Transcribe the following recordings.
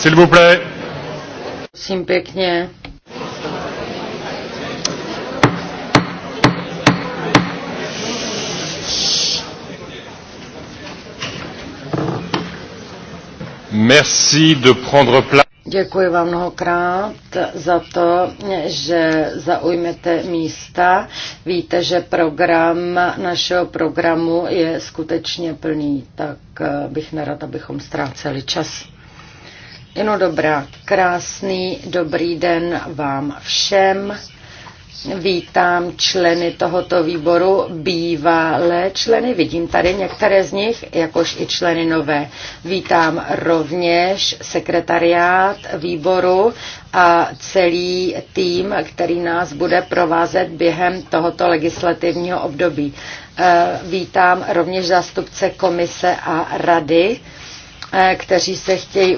S'il vous plaît. Prosím pěkně. Merci de prendre place. Děkuji vám mnohokrát za to, že zaujmete místa. Víte, že program našeho programu je skutečně plný, tak bych nerad, abychom ztráceli čas. Jenom dobrá, krásný dobrý den vám všem. Vítám členy tohoto výboru, bývalé členy, vidím tady některé z nich, jakož i členy nové. Vítám rovněž sekretariát výboru a celý tým, který nás bude provázet během tohoto legislativního období. Eh, vítám rovněž zástupce komise a rady Eh, kteří se chtějí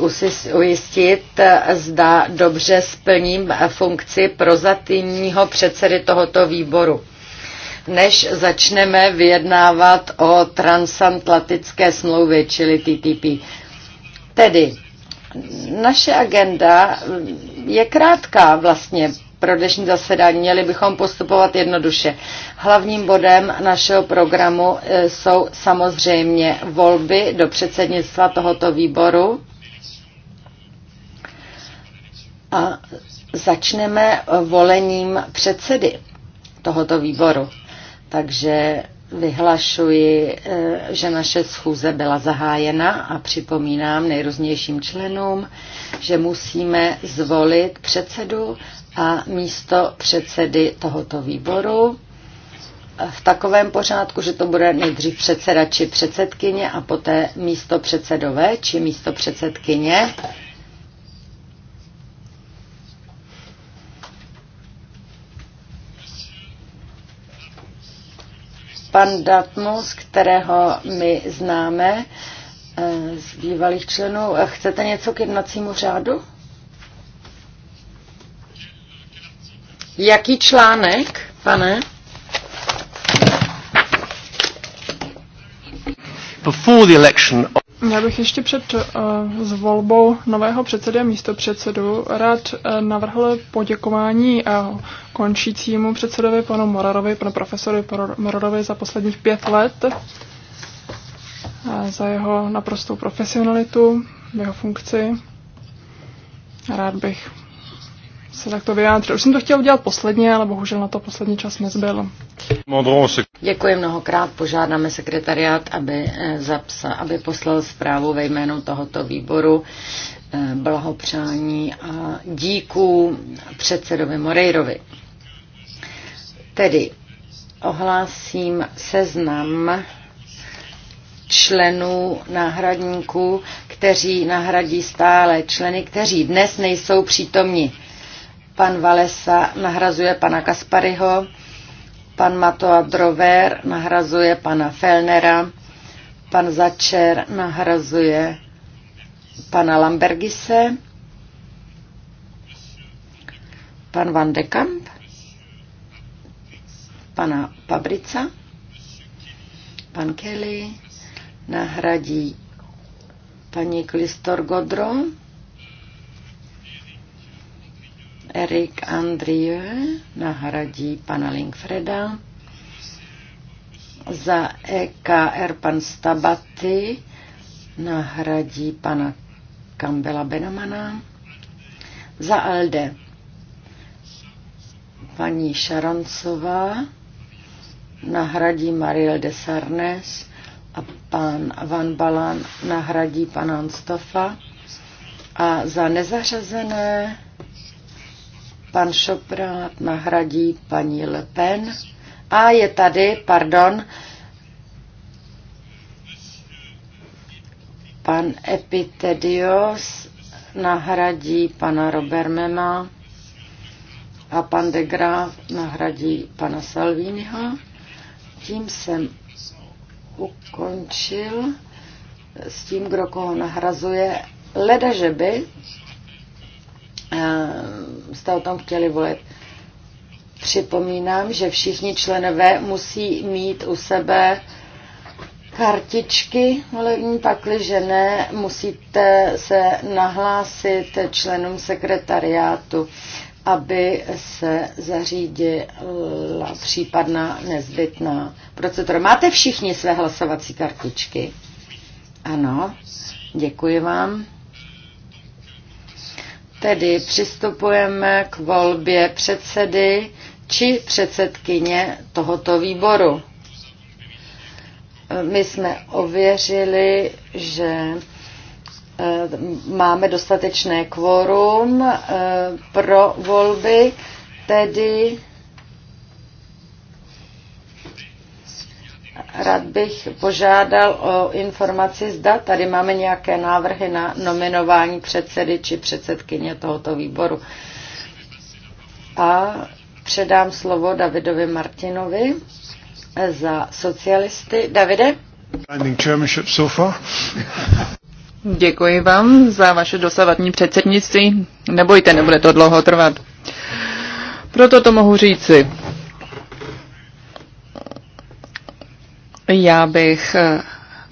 ujistit, eh, zda dobře splním eh, funkci prozatímního předsedy tohoto výboru. Než začneme vyjednávat o transatlantické smlouvě, čili TTP. Tedy, naše agenda mm, je krátká vlastně pro dnešní zasedání. Měli bychom postupovat jednoduše. Hlavním bodem našeho programu e, jsou samozřejmě volby do předsednictva tohoto výboru. A začneme volením předsedy tohoto výboru. Takže Vyhlašuji, eh, že naše schůze byla zahájena a připomínám nejrůznějším členům, že musíme zvolit předsedu a místo předsedy tohoto výboru v takovém pořádku, že to bude nejdřív předseda či předsedkyně a poté místo předsedové či místo předsedkyně. Pan Datmus, kterého my známe eh, z bývalých členů, eh, chcete něco k jednacímu řádu? Jaký článek, pane? Before the election já bych ještě před uh, eh, zvolbou nového předsedy a místopředsedu rád uh, navrhl poděkování uh, končícímu předsedovi panu Morarovi, panu profesoru Morarovi za posledních pět let uh, za jeho naprostou profesionalitu v jeho funkci. Rád bych se takto vyjádřil. Už jsem to chtěl udělat posledně, ale bohužel na to poslední čas nezbyl. Děkuji mnohokrát, požádáme sekretariat, aby, eh, zapsa, aby poslal zprávu ve jménu tohoto výboru eh, blahopřání a díků předsedovi Morejrovi. Tedy ohlásím seznam členů náhradníků, kteří nahradí stále členy, kteří dnes nejsou přítomni. Pan Valesa nahrazuje pana Kasparyho, Pan Matoa Drover nahrazuje pana Felnera, pan Začer nahrazuje pana Lambergise, pan Van de Kamp, pana Pabrica, pan Kelly nahradí paní Klistor Godro, Erik Andrieu nahradí pana Linkfreda. Za EKR pan Stabaty nahradí pana Campbella Benamana. Za ALDE paní Šaroncová nahradí Mariel de Sarnes a pan Van Balan nahradí pana Anstofa. A za nezařazené Pan Šoprát nahradí paní Le Pen. A je tady, pardon, pan Epitedios nahradí pana Robermena a pan de Graaf nahradí pana Salviniho. Tím jsem ukončil s tím, kdo koho nahrazuje. Leda, že by Eh, jste o tom chtěli volit. Připomínám, že všichni členové musí mít u sebe kartičky volební, pakliže ne, musíte se nahlásit členům sekretariátu, aby se zařídila případná nezbytná procedura. Máte všichni své hlasovací kartičky? Ano, děkuji vám. Tedy přistupujeme k volbě předsedy či předsedkyně tohoto výboru. My jsme ověřili, že eh, máme dostatečné kvorum eh, pro volby, tedy Rád bych požádal o informaci, zda tady máme nějaké návrhy na nominování předsedy či předsedkyně tohoto výboru. A předám slovo Davidovi Martinovi za socialisty. Davide? Děkuji vám za vaše dosavadní předsednictví. Nebojte, nebude to dlouho trvat. Proto to mohu říci. Já bych eh,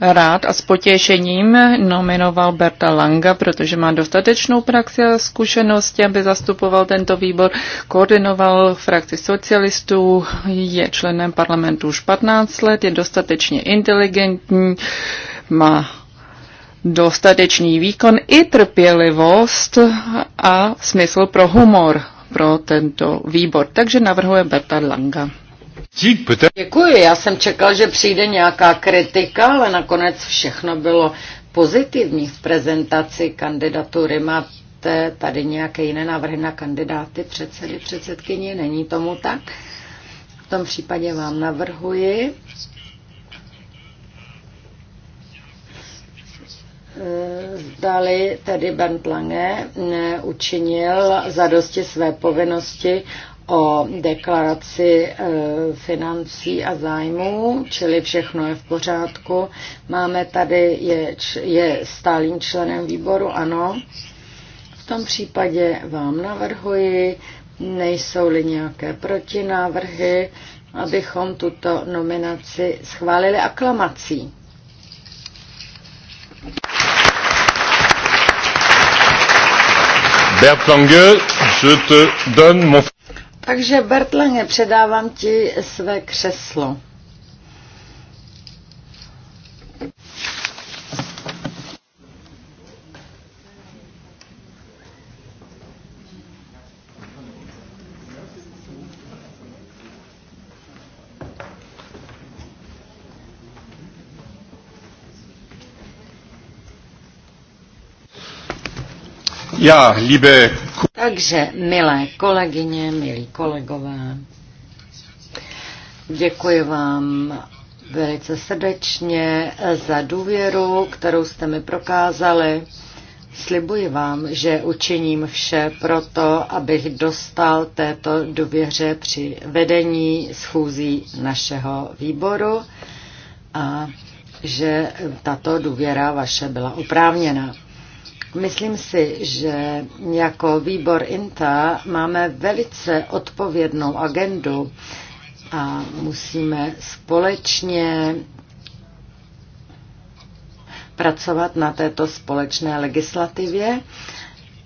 rád a s potěšením nominoval Berta Langa, protože má dostatečnou praxi a zkušenosti, aby zastupoval tento výbor, koordinoval frakci socialistů, je členem parlamentu už 15 let, je dostatečně inteligentní, má dostatečný výkon i trpělivost a smysl pro humor pro tento výbor. Takže navrhuje Berta Langa. Děkuji, já jsem čekal, že přijde nějaká kritika, ale nakonec všechno bylo pozitivní v prezentaci kandidatury. Máte tady nějaké jiné návrhy na kandidáty předsedy, předsedkyně? Není tomu tak? V tom případě vám navrhuji, eh, zdali tedy Bernd Lange učinil zadosti své povinnosti o deklaraci e, financí a zájmů, čili všechno je v pořádku. Máme tady, je, je stálým členem výboru, ano. V tom případě vám navrhuji, nejsou-li nějaké protinávrhy, abychom tuto nominaci schválili aklamací. Bertrand je te donne mon... Takže Bertlange, předávám ti své křeslo. Ja, liebe takže, milé kolegyně, milí kolegové, děkuji vám velice srdečně za důvěru, kterou jste mi prokázali. Slibuji vám, že učiním vše proto, abych dostal této důvěře při vedení schůzí našeho výboru a že tato důvěra vaše byla oprávněna. Myslím si, že jako výbor INTA máme velice odpovědnou agendu a musíme společně pracovat na této společné legislativě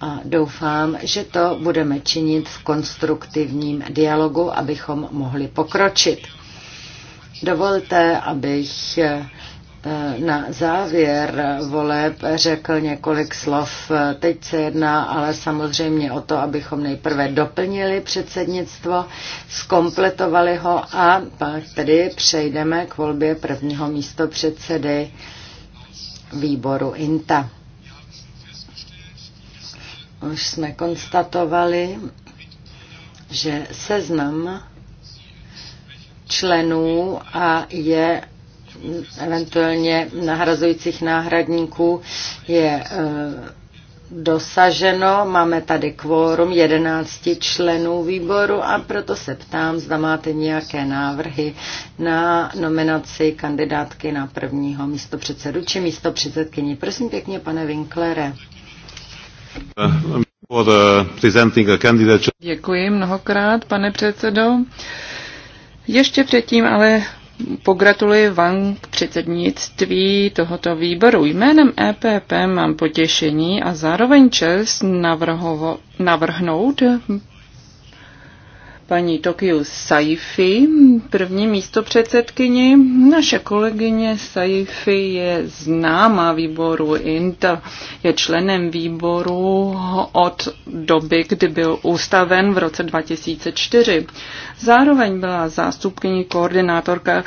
a doufám, že to budeme činit v konstruktivním dialogu, abychom mohli pokročit. Dovolte, abych na závěr voleb řekl několik slov. Teď se jedná ale samozřejmě o to, abychom nejprve doplnili předsednictvo, skompletovali ho a pak tedy přejdeme k volbě prvního místo předsedy výboru INTA. Už jsme konstatovali, že seznam členů a je eventuálně nahrazujících náhradníků je eh, dosaženo. Máme tady kvórum 11 členů výboru a proto se ptám, zda máte nějaké návrhy na nominaci kandidátky na prvního místo předsedu či místo předsedkyni. Prosím pěkně, pane Winklere. Děkuji mnohokrát, pane předsedo. Ještě předtím ale pogratuluji vám k předsednictví tohoto výboru. Jménem EPP mám potěšení a zároveň čest navrhnout paní Tokiu Saifi, první místo předsedkyni. Naše kolegyně Saifi je známá výboru INTA, je členem výboru od doby, kdy byl ustaven v roce 2004. Zároveň byla zástupkyní koordinátorka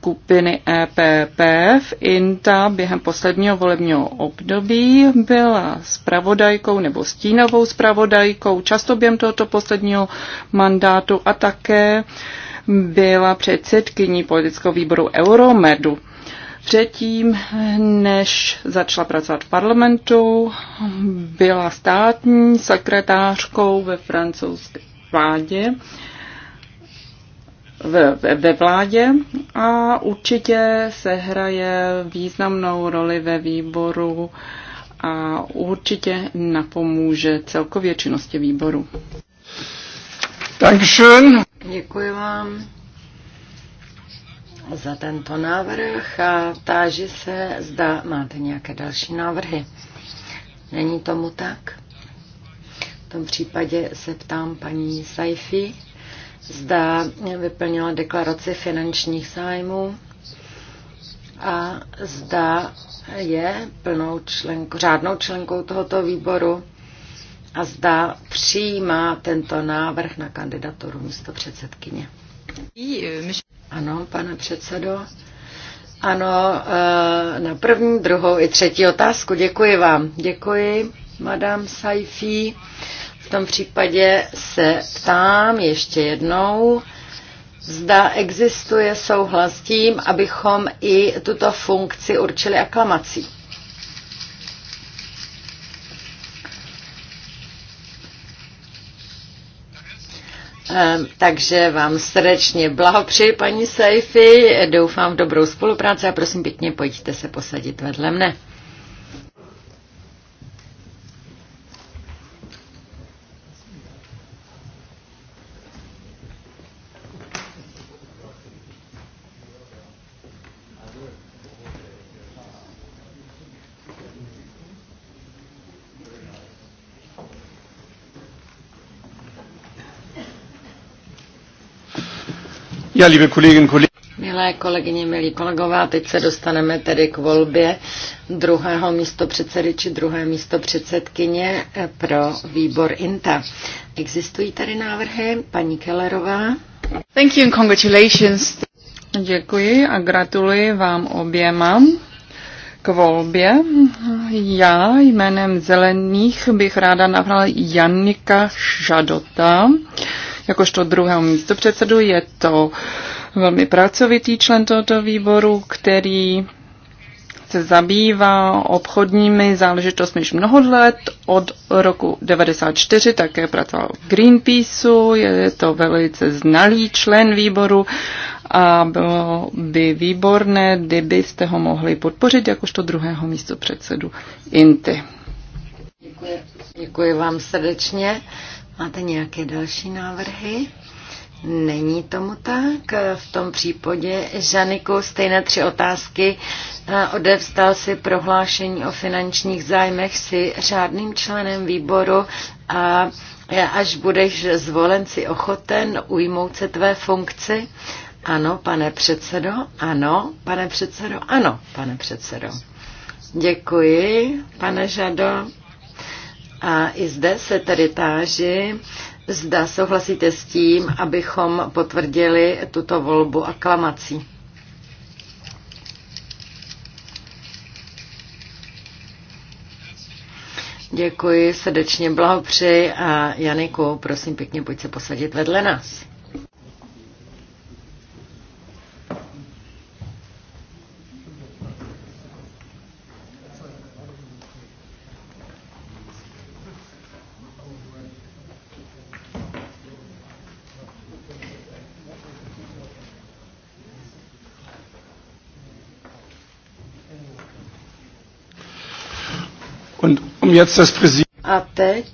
skupiny EPP v INTA během posledního volebního období byla spravodajkou nebo stínovou spravodajkou, často během tohoto posledního mandátu a také byla předsedkyní politického výboru Euromedu. Předtím, než začala pracovat v parlamentu, byla státní sekretářkou ve francouzské vládě ve, ve vládě a určitě se hraje významnou roli ve výboru a určitě napomůže celkově činnosti výboru. Dankeschön. Děkuji vám za tento návrh a táži se, zda máte nějaké další návrhy. Není tomu tak? V tom případě se ptám paní Saifi zda vyplnila deklaraci finančních zájmů a zda je plnou členkou, řádnou členkou tohoto výboru a zda přijímá tento návrh na kandidaturu místo předsedkyně. Ano, pane předsedo. Ano, eh, na první, druhou i třetí otázku. Děkuji vám. Děkuji, madame Saifi. V tom případě se ptám ještě jednou, zda existuje souhlas tím, abychom i tuto funkci určili aklamací. Ehm, takže vám srdečně blahopřeji, paní Seifi, doufám v dobrou spolupráci a prosím pěkně, pojďte se posadit vedle mne. Ja, liebe Kolleginnen, Kollegen. Milé kolegyně, milí kolegové, teď se dostaneme tedy k volbě druhého místo předsedy či druhé místo předsedkyně pro výbor INTA. Existují tady návrhy? Paní Kellerová. Thank you and congratulations. Děkuji a gratuluji vám oběma k volbě. Já jménem Zelených bych ráda navrhla Janika Žadota. Uh, jakožto druhého místo předsedu. Je to velmi pracovitý člen tohoto výboru, který se zabývá obchodními záležitostmi již mnoho let, od roku 1994 také pracoval v Greenpeaceu, je to velice znalý člen výboru a bylo by výborné, kdybyste ho mohli podpořit jakožto druhého místo předsedu INTY. Děkuji. Děkuji vám srdečně. Máte nějaké další návrhy? Není tomu tak. V tom případě, Žaniku, stejné tři otázky. Odevstal si prohlášení o finančních zájmech, si řádným členem výboru a až budeš zvolen, si ochoten ujmout se tvé funkci? Ano, pane předsedo, ano, pane předsedo, ano, pane předsedo. Děkuji, pane Žado. A i zde se tedy táži, zda souhlasíte s tím, abychom potvrdili tuto volbu aklamací. Děkuji, srdečně blahopřeji a Janiku, prosím pěkně, pojď se posadit vedle nás. A teď,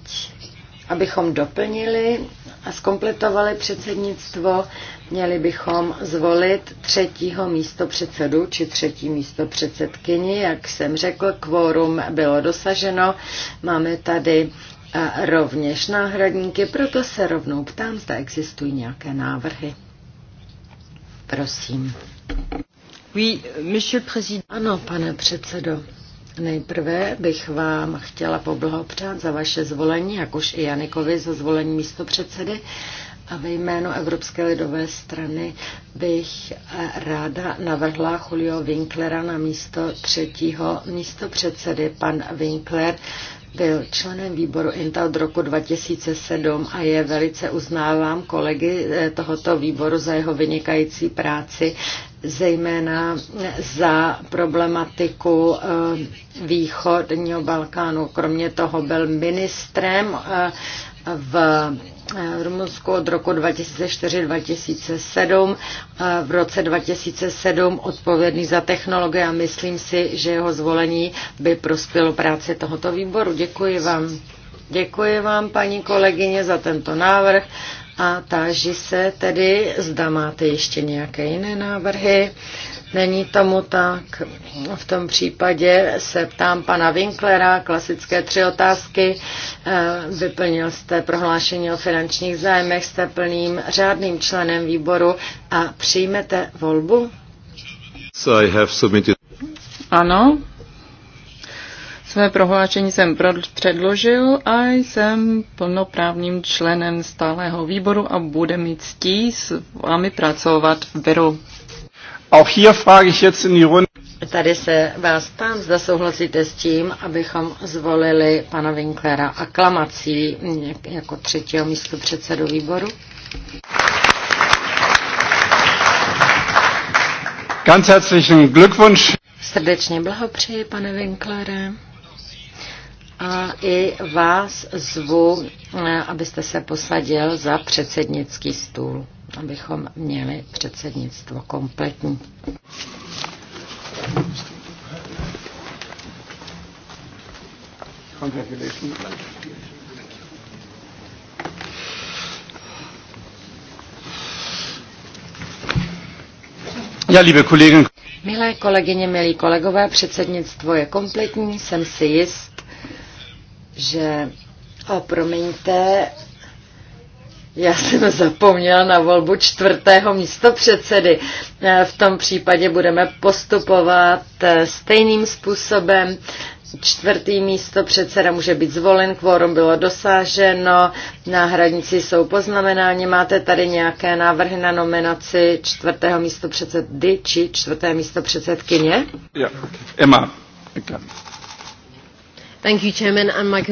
abychom doplnili a zkompletovali předsednictvo, měli bychom zvolit třetího místo předsedu či třetí místo předsedkyni. Jak jsem řekl, kvórum bylo dosaženo. Máme tady e, rovněž náhradníky, proto se rovnou ptám, zda existují nějaké návrhy. Prosím. Oui, monsieur président. Ano, pane předsedo. Nejprve bych vám chtěla poblahopřát za vaše zvolení, jakož i Janikovi za zvolení místo předsedy. A ve jménu Evropské lidové strany bych ráda navrhla Julio Winklera na místo třetího místo předsedy. Pan Winkler byl členem výboru INTA od roku 2007 a je velice uznávám kolegy eh, tohoto výboru za jeho vynikající práci zejména za problematiku eh, východního Balkánu. Kromě toho byl ministrem eh, v eh, Rumunsku od roku 2004-2007, v roce 2007 odpovědný za technologie a myslím si, že jeho zvolení by prospělo práci tohoto výboru. Děkuji vám. Děkuji vám, paní kolegyně, za tento návrh a táží se tedy, zda máte ještě nějaké jiné návrhy. Není tomu tak. V tom případě se ptám pana Winklera, klasické tři otázky. Eh, vyplnil jste prohlášení o finančních zájmech, jste plným řádným členem výboru a přijmete volbu? So I have submitted... Ano, své prohlášení jsem předložil a jsem plnoprávným členem stálého výboru a bude mít ctí s vámi pracovat v Beru. Auch hier frage ich jetzt in die Runde. Tady se vás ptám, zda souhlasíte s tím, abychom zvolili pana Winklera aklamací jako třetího místo předsedu výboru. Ganz herzlichen Glückwunsch. Srdečně blahopřeji, pane Winklere. A i vás zvu, eh, abyste se posadil za předsednický stůl, abychom měli předsednictvo kompletní. Ja, liebe Kolleginnen. Milé kolegyně, milí kolegové, předsednictvo je kompletní, jsem si jist, že, o promiňte, já jsem zapomněla na volbu čtvrtého místo předsedy. E, v tom případě budeme postupovat e, stejným způsobem. Čtvrtý místo předseda může být zvolen, kvórum bylo dosáženo, náhradníci jsou poznamenáni. Máte tady nějaké návrhy na nominaci čtvrtého místo předsedy či čtvrté místo předsedkyně? Ja. Emma. Thank you, Chairman, and my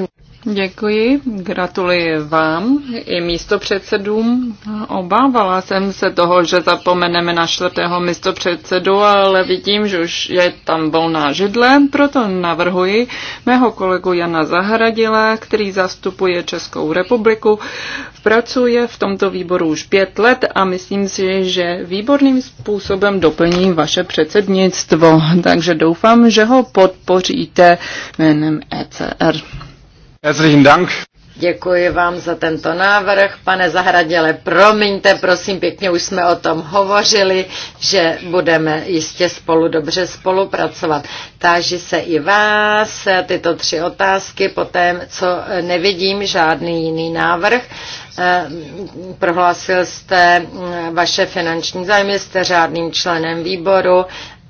Děkuji, gratuluji vám i místo předsedům. Obávala jsem se toho, že zapomeneme na čtvrtého místo předsedu, ale vidím, že už je tam volná židle, proto navrhuji mého kolegu Jana Zahradila, který zastupuje Českou republiku. Pracuje v tomto výboru už pět let a myslím si, že výborným způsobem doplní vaše předsednictvo, takže doufám, že ho podpoříte jménem ECR. Herzlichen Dank. Děkuji vám za tento návrh. Pane Zahraděle, promiňte, prosím pěkně, už jsme o tom hovořili, že budeme jistě spolu dobře spolupracovat. Táži se i vás tyto tři otázky, poté, co nevidím žádný jiný návrh. Eh, prohlásil jste mm, vaše finanční zájmy, jste řádným členem výboru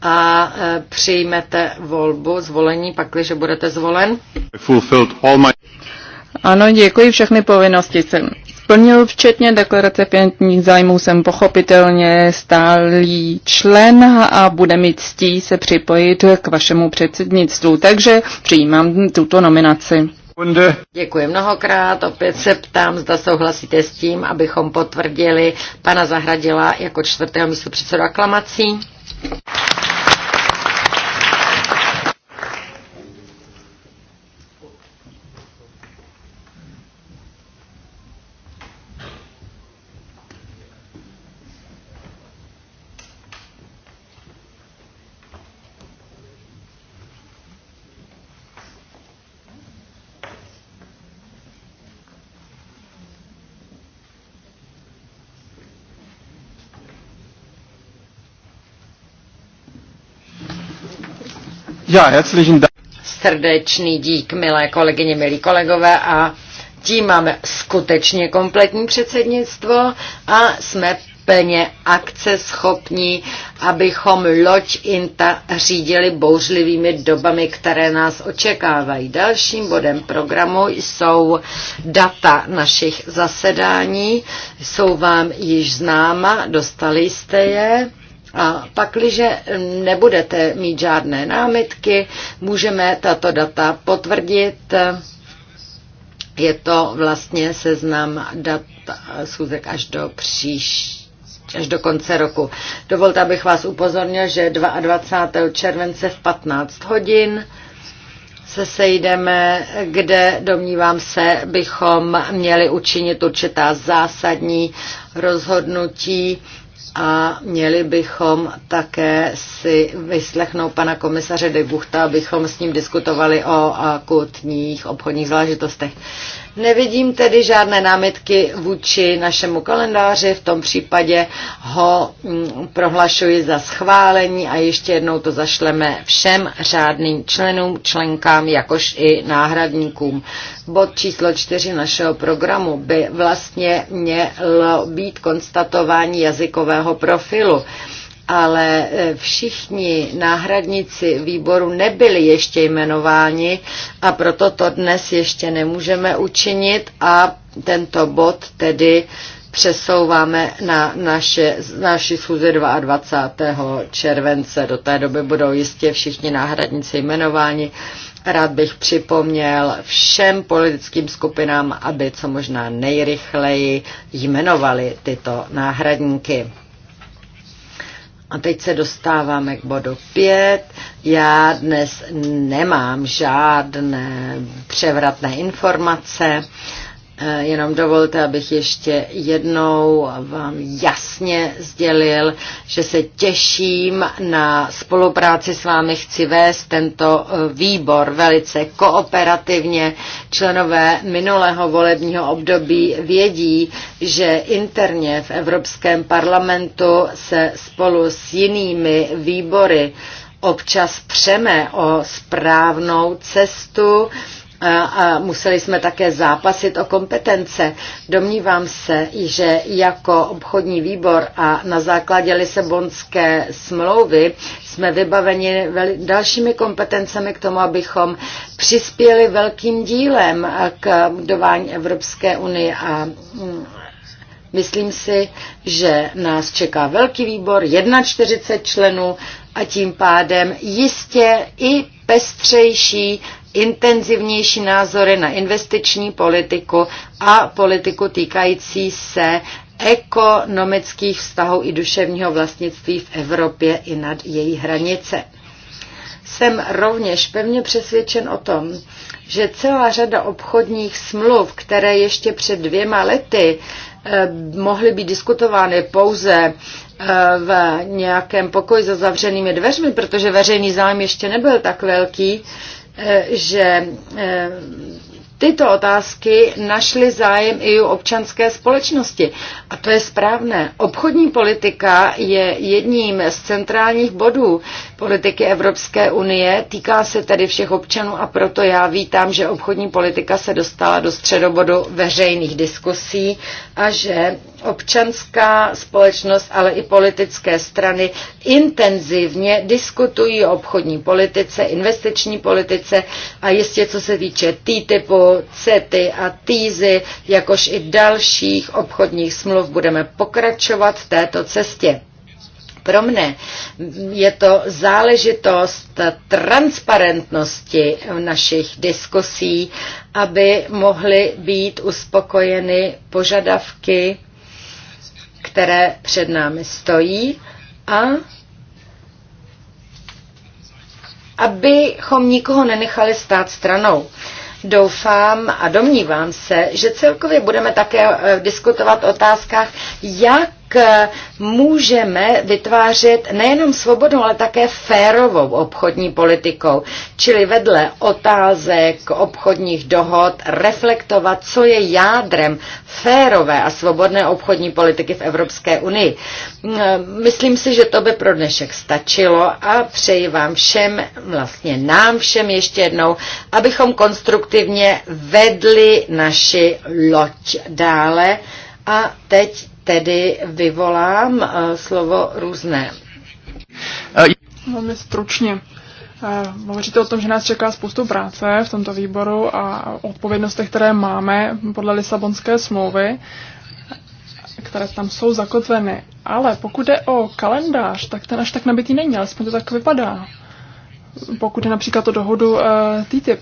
a e, přijmete volbu, zvolení, pakliže budete zvolen. Ano, děkuji, všechny povinnosti jsem splnil, včetně deklarace pětních zájmů jsem pochopitelně stálý člen a bude mít ctí se připojit k vašemu předsednictvu, takže přijímám tuto nominaci. Děkuji mnohokrát. Opět se ptám, zda souhlasíte s tím, abychom potvrdili pana Zahradila jako čtvrtého místo předsedu aklamací. Ja, herzlichen Dank. Srdečný dík, milé kolegyně, milí kolegové a tím máme skutečně kompletní předsednictvo a jsme plně akceschopní, abychom loď INTA řídili bouřlivými dobami, které nás očekávají. Dalším bodem programu jsou data našich zasedání. Jsou vám již známa, dostali jste je. A pakliže nebudete mít žádné námitky, můžeme tato data potvrdit. Je to vlastně seznam dat schůzek až do příští až do konce roku. Dovolte, abych vás upozornil, že 22. července v 15 hodin se sejdeme, kde domnívám se, bychom měli učinit určitá zásadní rozhodnutí a měli bychom také si vyslechnout pana komisaře de Buchta, abychom s ním diskutovali o akutních obchodních záležitostech. Nevidím tedy žádné námitky vůči našemu kalendáři, v tom případě ho mm, prohlašuji za schválení a ještě jednou to zašleme všem řádným členům, členkám, jakož i náhradníkům. Bod číslo čtyři našeho programu by vlastně mělo být konstatování jazykového profilu ale e, všichni náhradníci výboru nebyli ještě jmenováni a proto to dnes ještě nemůžeme učinit a tento bod tedy přesouváme na naše, naši schůze 22. července. Do té doby budou jistě všichni náhradníci jmenováni. Rád bych připomněl všem politickým skupinám, aby co možná nejrychleji jmenovali tyto náhradníky. A teď se dostáváme k bodu 5. Já dnes nemám žádné převratné informace. Eh, jenom dovolte, abych ještě jednou vám jasně sdělil, že se těším na spolupráci s vámi. Chci vést tento eh, výbor velice kooperativně. Členové minulého volebního období vědí, že interně v Evropském parlamentu se spolu s jinými výbory občas přeme o správnou cestu a museli jsme také zápasit o kompetence. Domnívám se, že jako obchodní výbor a na základě Lisebonské smlouvy jsme vybaveni dalšími kompetencemi k tomu, abychom přispěli velkým dílem k budování Evropské unie a mm, Myslím si, že nás čeká velký výbor, 41 členů a tím pádem jistě i pestřejší intenzivnější názory na investiční politiku a politiku týkající se ekonomických vztahů i duševního vlastnictví v Evropě i nad její hranice. Jsem rovněž pevně přesvědčen o tom, že celá řada obchodních smluv, které ještě před dvěma lety eh, mohly být diskutovány pouze eh, v nějakém pokoji za zavřenými dveřmi, protože veřejný zájem ještě nebyl tak velký, Eh, že eh, tyto otázky našly zájem i u občanské společnosti. A to je správné. Obchodní politika je jedním z centrálních bodů politiky Evropské unie. Týká se tedy všech občanů a proto já vítám, že obchodní politika se dostala do středobodu veřejných diskusí a že občanská společnost, ale i politické strany intenzivně diskutují o obchodní politice, investiční politice a jistě co se týče TTIPu, CETY a TISY, jakož i dalších obchodních smluv budeme pokračovat v této cestě. Pro mne je to záležitost transparentnosti našich diskusí, aby mohly být uspokojeny požadavky, které před námi stojí a abychom nikoho nenechali stát stranou. Doufám a domnívám se, že celkově budeme také eh, diskutovat o otázkách, jak Eh, můžeme vytvářet nejenom svobodnou, ale také férovou obchodní politikou, čili vedle otázek obchodních dohod reflektovat, co je jádrem férové a svobodné obchodní politiky v Evropské unii. Eh, myslím si, že to by pro dnešek stačilo a přeji vám všem, vlastně nám všem ještě jednou, abychom konstruktivně vedli naši loď dále. A teď tedy vyvolám eh, slovo různé. Eh, Velmi stručně. Eh, hovoříte o tom, že nás čeká spoustu práce v tomto výboru a odpovědnostech, které máme podle Lisabonské smlouvy, které tam jsou zakotveny. Ale pokud jde o kalendář, tak ten až tak nabitý není, alespoň to tak vypadá. Pokud je například o dohodu uh, TTIP,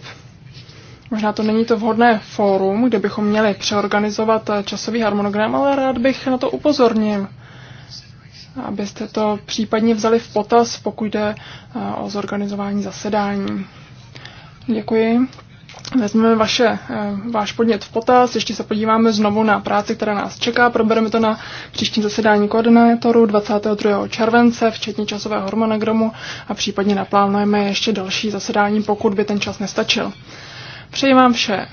Možná to není to vhodné fórum, kde bychom měli přeorganizovat časový harmonogram, ale rád bych na to upozornil, abyste to případně vzali v potaz, pokud jde eh, o zorganizování zasedání. Děkuji. Vezmeme vaše, eh, váš podnět v potaz, ještě se podíváme znovu na práci, která nás čeká. Probereme to na příštím zasedání koordinátorů 22. července, včetně časového harmonogramu a případně naplánujeme ještě další zasedání, pokud by ten čas nestačil. Přeji vám vše eh,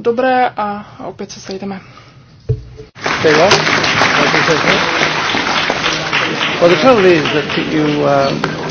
dobré a opět se sejdeme. Well, the trouble is that you uh,